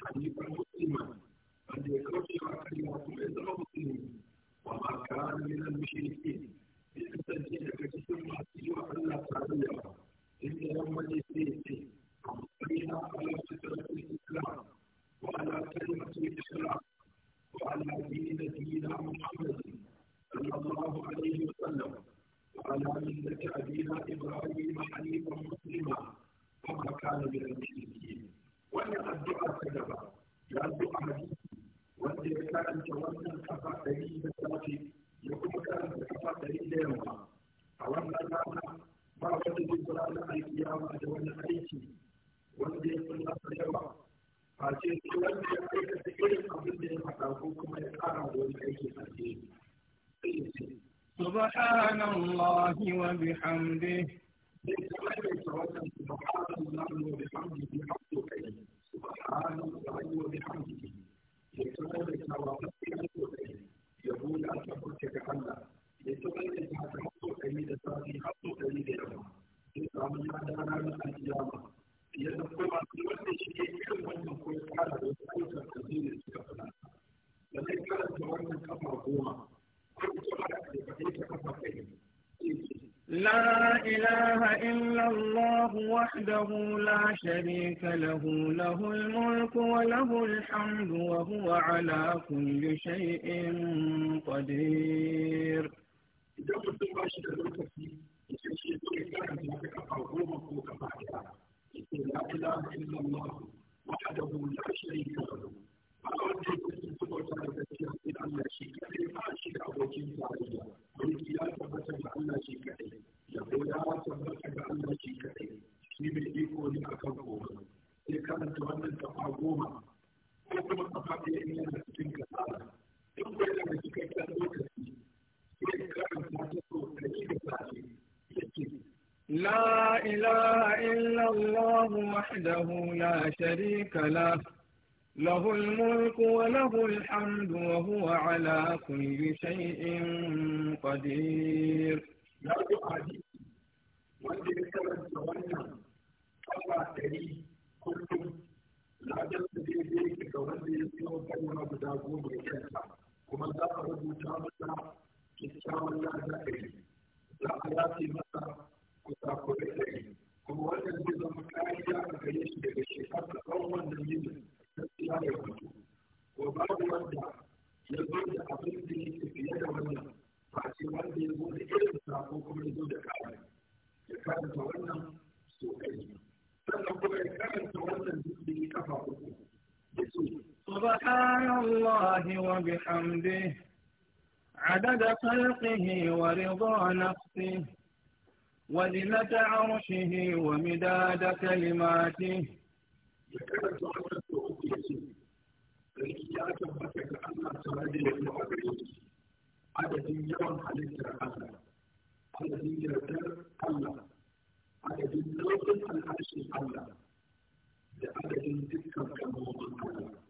أن يكون مسلما أن يكرر كلمة الإسلام مسلما وما كان من المشركين بأن تجد كتسمى سوى أن لا تعلم إن يوم الاثنين أمضينا على فترة الإسلام وعلى كلمة الإسلام وعلى دين دينا محمد صلى الله عليه وسلم وعلى ملة أبينا إبراهيم حنيفا مسلما وما كان من المشركين وإن ba ya zo a hadisi wanda ya karanta wannan kafa ɗari da safe ya kuma karanta kafa ɗari da yamma a wannan rana ba wanda zai kula da alkiyama da wani aiki wanda ya kula da yawa a ce wanda ya aikata irin abin da ya faɗa ko kuma ya ƙara da wani aiki a ce سبحان الله وبحمده ليس لك سبحان الله وبحمده شريك له له الملك وله الحمد وهو على كل شيء قدير Thank you. shi mai iko ne a kan kowa sai karanta wannan tafa goma ko kuma kafa ɗaya in yana cikin kasala in bai cikin cikakken lokaci sai karanta ta so da shi da sashi yake لا إله إلا الله وحده لا شريك له له الملك وله الحمد وهو على كل شيء قدير. لا تحدث yi kullum ladan da zai je ki ga wanda ya siyo kalma guda kuma za a rubuta masa kyakkyawan ladan da yi سبحان الله وبحمده عدد خلقه ورضا نفسه وزنة عرشه ومداد كلماته عدد النوم عليك الله عدد النوم عليك الله عدد النوم عليك عدد النوم عليك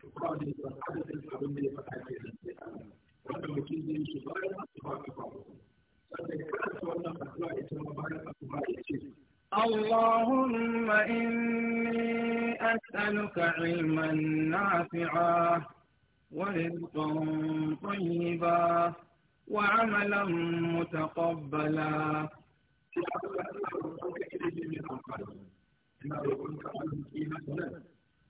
to ba ne ba adadin da ya faɗa ke nan sai wanda mutum zai shi bayan asuba ta ba sannan ya karanta wannan addu'a ita ma bayan asuba ya ce اللهم إني أسألك علما نافعا ورزقا طيبا وعملا متقبلا ina da wani kamar kima nan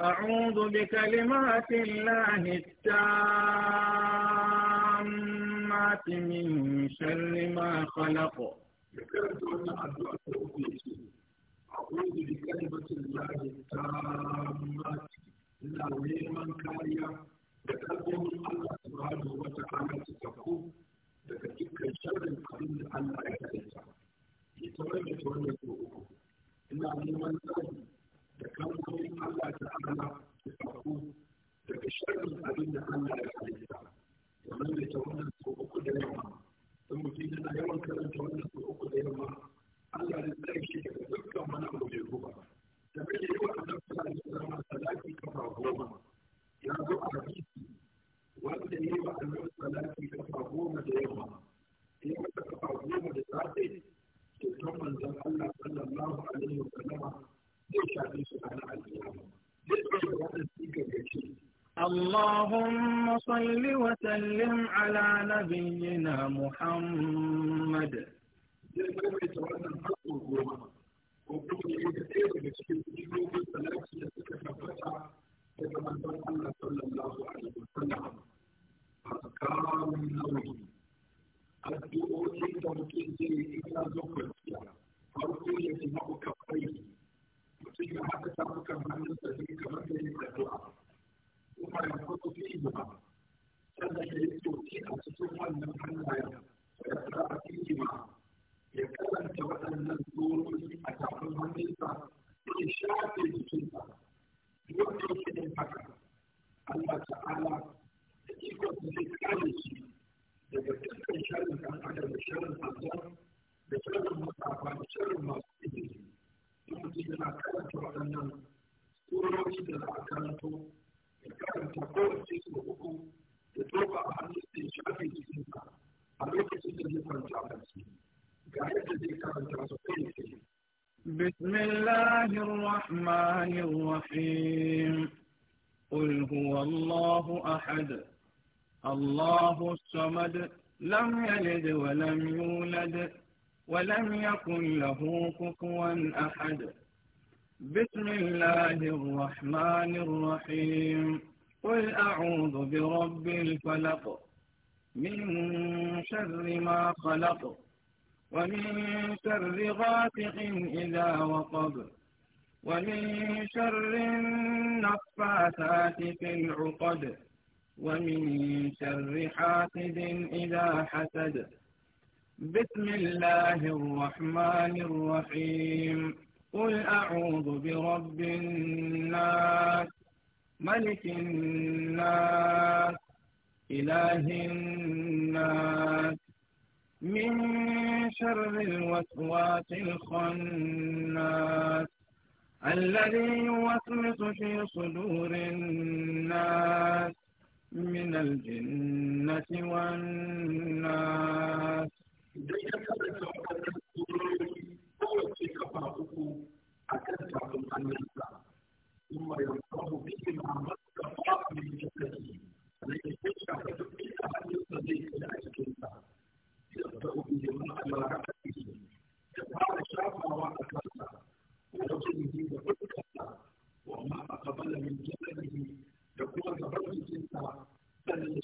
أعوذ بكلمات الله التامة من شر ما خلق أعوذ بكلمات الله التامة maimaita wannan farko goma ko kuma ya yi ɗaya daga cikin cikin salati da suka tabbata Allah sallallahu alaihi wa sallam da mutum zai ina zo kwanciya farko ya ji ma'u kafai mutum ya haka ta muka hannun sa ne kamar da yin addu'a kuma ya fi ba sannan ya yi a cikin wannan hannayen ya a cikin jima'a بسم الله الرحمن الرحيم قل هو الله أحد الله الصمد لم يلد ولم يولد ولم يكن له كفوا أحد بسم الله الرحمن الرحيم قل أعوذ برب الفلق من شر ما خلق ومن شر غاسق إذا وقب ومن شر النفاثات في العقد ومن شر حاسد إذا حسد بسم الله الرحمن الرحيم قل أعوذ برب الناس ملك الناس إله الناس شر الوسواس الخناس الذي يوسوس في صدور الناس من الجنة والناس ثم به مع من جسده أحد وما أقبل من جبله لكل تبرج سنة بل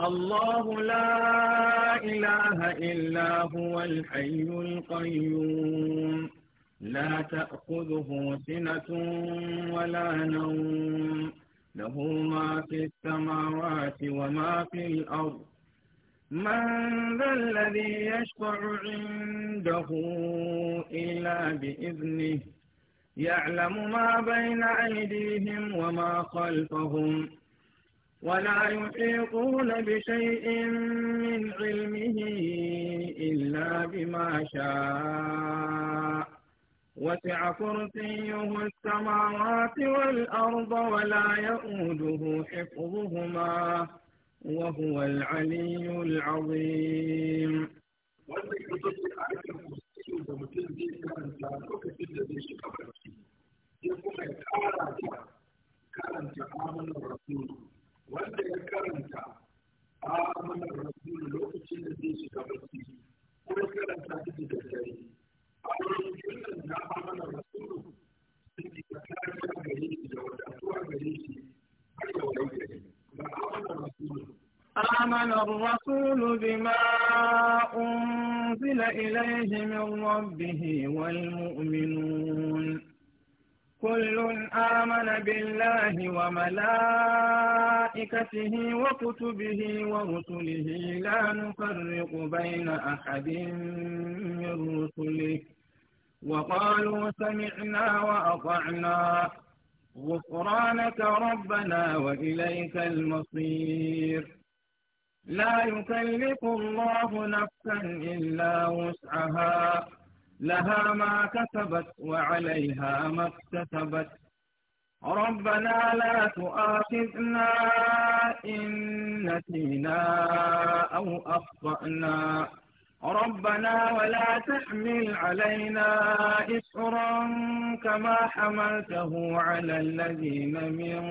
الله لا إله إلا هو الحي القيوم لا تأخذه سنة ولا نوم له ما في السماوات وما في الأرض من ذا الذي يشفع عنده إلا بإذنه يعلم ما بين أيديهم وما خلفهم ولا يحيطون بشيء من علمه إلا بما شاء وسع كرسيه السماوات والأرض ولا يؤوده حفظهما وهو العلي العظيم وأن يكتب إليه من ربه والمؤمنون كل آمن بالله وملائكته وكتبه ورسله لا نفرق بين أحد من رسله وقالوا سمعنا وأطعنا غفرانك ربنا وإليك المصير لا يكلف الله نفسا إلا وسعها لها ما كسبت وعليها ما اكتسبت ربنا لا تؤاخذنا إن نسينا أو أخطأنا ربنا ولا تحمل علينا إسرا كما حملته على الذين من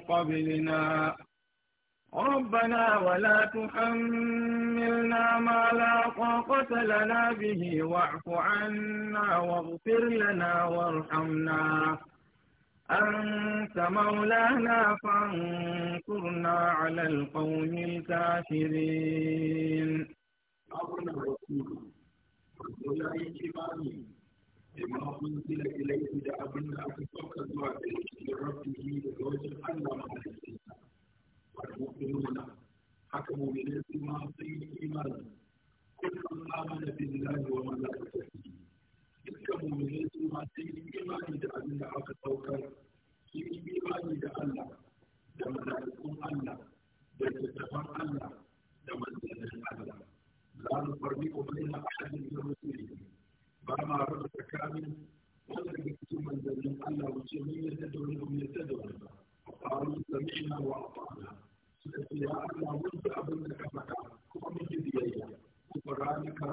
قبلنا ربنا ولا تحملنا ما لا طاقة لنا به واعف عنا واغفر لنا وارحمنا أنت مولانا فانصرنا على القوم الكافرين بما أنزل إليه لأبن أكثر من ربه لوجه الله والمؤمنون حكم من الإمام إيمانا كل من آمن بالله su ma da abin da aka saukar sun yi imani da Allah da mala'ikun Allah da littattafan Allah da manzannin Allah za mu farmi ba tsakanin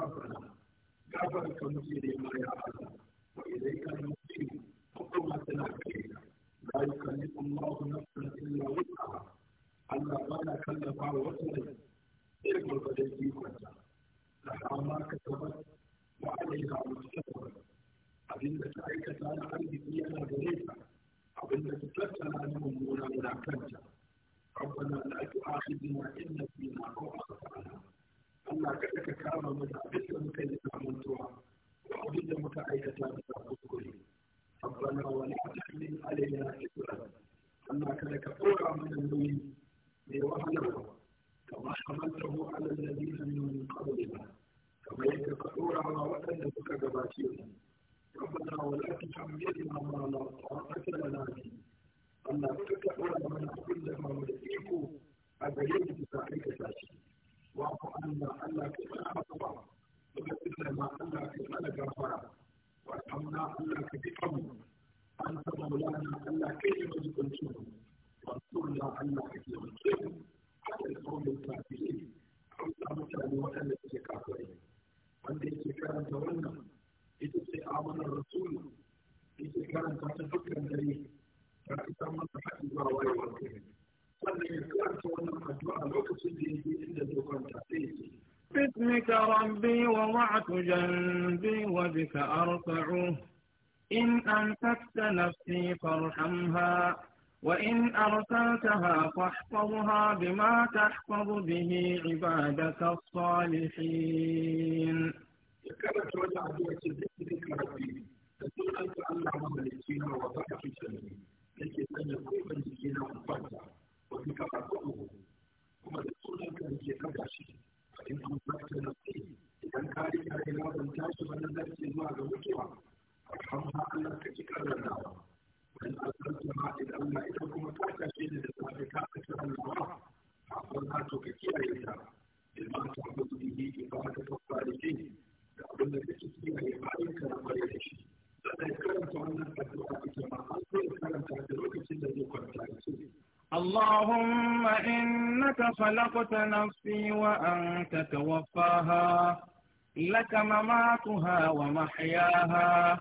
ربنا غفر كمسير ما يا الله وإليك المصير حكمتنا كينا لا يكلف الله نفسا إلا وسعها Allah ba na kallafa wa wasu ne irin gwargwadon ikonta da hama ka tabar wa alaiha mustaqbal abin da ta aikata na arziki yana gare ta abin da ta tattala na mummuna yana kanta ربنا لا تؤاخذنا إن نسينا أو أخطأنا Allah ka saka kama mana abin da muka yi da mantuwa da muka aikata da kuskure. Rabbana wa ni alamin alayna al-qur'an. Allah ka saka kama mana nuyi da wahala wa kama hamanta mu ala alladina min qablina kama yadda ka dora wa wadanda suka gabace mu. Rabbana wa la tuhammilna ma la taqata lana bihi. Allah ka saka kama mana abin da ba mu da iko a gare mu aikata shi. واعف عنا الا كمنا غفرا وغفر لنا الا كمنا غفرا وارحمنا الا كبقبل انت مولانا الا كلمه كنتم وانصرنا الا كلمه على القوم الكافرين حتى متعب وأهل الكافرين wanda yake karanta wannan ita ce amanar rasulu yake karanta ta dukkan dare ta isa masa haɗi ba wayewar kai بسمك باسمك ربي وضعت جنبي وبك أرفعه إن أمسكت نفسي فارحمها وإن أرسلتها فاحفظها بما تحفظ به عبادك الصالحين ذكرت وجع ربي أن عمل wani kafa ko kuma da sunan da ke idan ka yi ka ban tashi ba na zarce zuwa ga ka dawa wani alfarta ma idan Allah ita kuma ka tashi da safe ka kashe Allah a kwanza to ka ta اللهم إنك خلقت نفسي وأنت توفاها لك مماتها ومحياها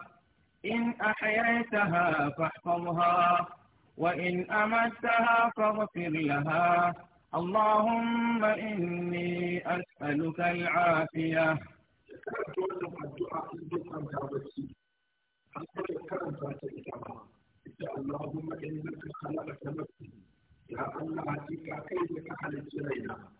إن أحييتها فاحفظها وإن أمتها فاغفر لها اللهم إني أسألك العافية اللهم إنك خلقت نفسي ya Allah hakika kai da ka halicci raina